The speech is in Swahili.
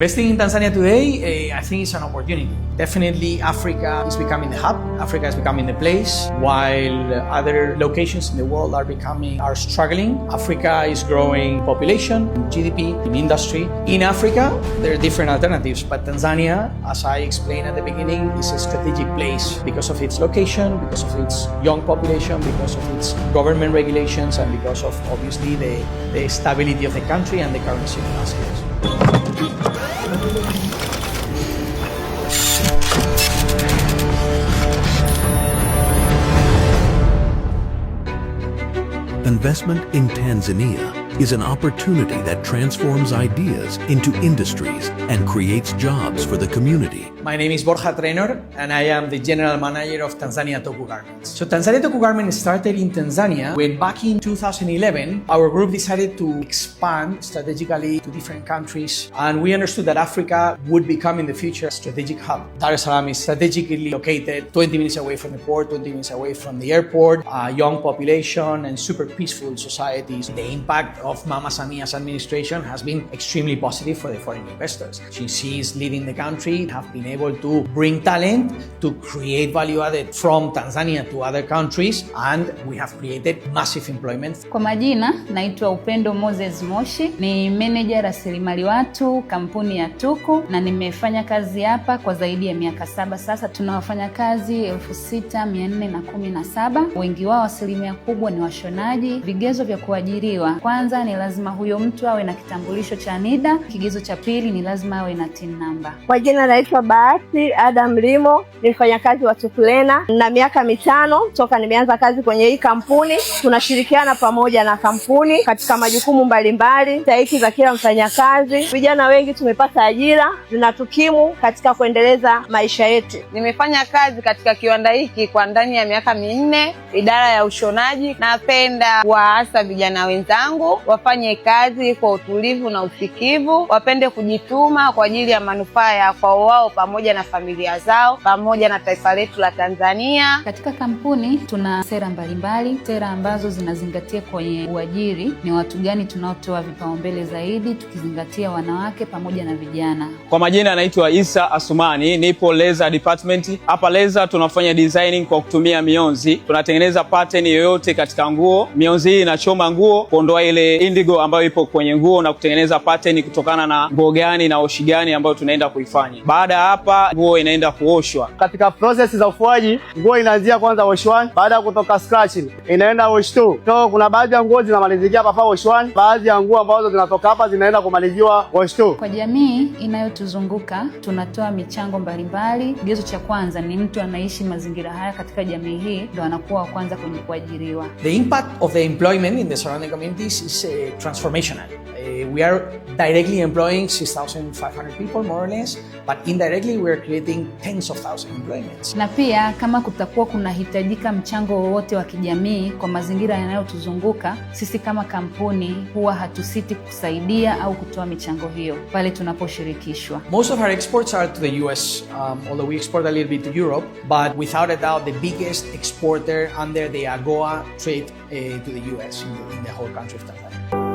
Best thing in Tanzania today, uh, I think it's an opportunity. Definitely Africa is becoming the hub, Africa is becoming the place, while other locations in the world are becoming, are struggling. Africa is growing population, GDP, in industry. In Africa, there are different alternatives, but Tanzania, as I explained at the beginning, is a strategic place because of its location, because of its young population, because of its government regulations, and because of obviously the, the stability of the country and the currency of last Investment in Tanzania is an opportunity that transforms ideas into industries and creates jobs for the community. My name is Borja Trenor, and I am the general manager of Tanzania Toku Garments. So Tanzania Toku Garments started in Tanzania when back in 2011 our group decided to expand strategically to different countries and we understood that Africa would become in the future a strategic hub. Dar es Salaam is strategically located 20 minutes away from the port, 20 minutes away from the airport, a young population and super peaceful societies. The impact of Mama Samia's administration has been extremely positive for the foreign investors. she sees leading the country, have been able to bring talent to create value added from Tanzania to other countries and we have created massive employment. Kwa majina naitwa Upendo Moses Moshi, ni manager rasilimali watu kampuni ya Tuku na nimefanya kazi hapa kwa zaidi ya miaka saba sasa. Tuna kazi elfu sita mia na kumi na saba wengi wao asilimia kubwa ni washonaji. Vigezo vya kuajiriwa kwanza kwanza ni lazima huyo mtu awe na kitambulisho cha NIDA. Kigezo cha pili ni lazima awe na TIN namba. Kwa jina naitwa Bahati Adam Limo, ni mfanyakazi wa Tukulena na miaka mitano toka nimeanza kazi kwenye hii kampuni. Tunashirikiana pamoja na kampuni katika majukumu mbalimbali, stahiki za kila mfanyakazi. Vijana wengi tumepata ajira zinatukimu katika kuendeleza maisha yetu. Nimefanya kazi katika kiwanda hiki kwa ndani ya miaka minne, idara ya ushonaji. Napenda kuwaasa vijana wenzangu wafanye kazi kwa utulivu na usikivu, wapende kujituma kwa ajili ya manufaa ya kwao wao pamoja na familia zao pamoja na taifa letu la Tanzania. Katika kampuni tuna sera mbalimbali mbali, sera ambazo zinazingatia kwenye uajiri ni watu gani tunaotoa vipaumbele zaidi, tukizingatia wanawake pamoja na vijana. Kwa majina anaitwa Isa Asumani, nipo leza department. Hapa leza tunafanya designing kwa kutumia mionzi, tunatengeneza pattern yoyote katika nguo. Mionzi hii inachoma nguo kuondoa ile indigo ambayo ipo kwenye nguo na kutengeneza pattern kutokana na nguo gani na oshi gani ambayo tunaenda kuifanya. Baada ya hapa, nguo inaenda kuoshwa. Katika process za ufuaji, nguo inaanzia kwanza wash one, baada ya kutoka scratch inaenda wash two. So kuna baadhi ya nguo zinamalizikia hapa wash one, baadhi ya nguo ambazo zinatoka hapa zinaenda kumaliziwa wash two. Kwa jamii inayotuzunguka tunatoa michango mbalimbali. Kigezo cha kwanza ni mtu anaishi mazingira haya katika jamii hii, ndo anakuwa wa kwanza kwenye kuajiriwa. The impact of the employment in the surrounding communities is Eh, transformational uh, we are directly employing 6,500 people more or less, but indirectly we are creating tens of thousands employments. Na pia kama kutakuwa kunahitajika mchango wowote wa kijamii kwa mazingira yanayotuzunguka, sisi kama kampuni huwa hatusiti kusaidia au kutoa michango hiyo pale tunaposhirikishwa. Most of our exports are to the US, um, although we export a little bit to Europe, but without a doubt the biggest exporter under the AGOA trade uh, to the US in the, in the whole country of Tanzania.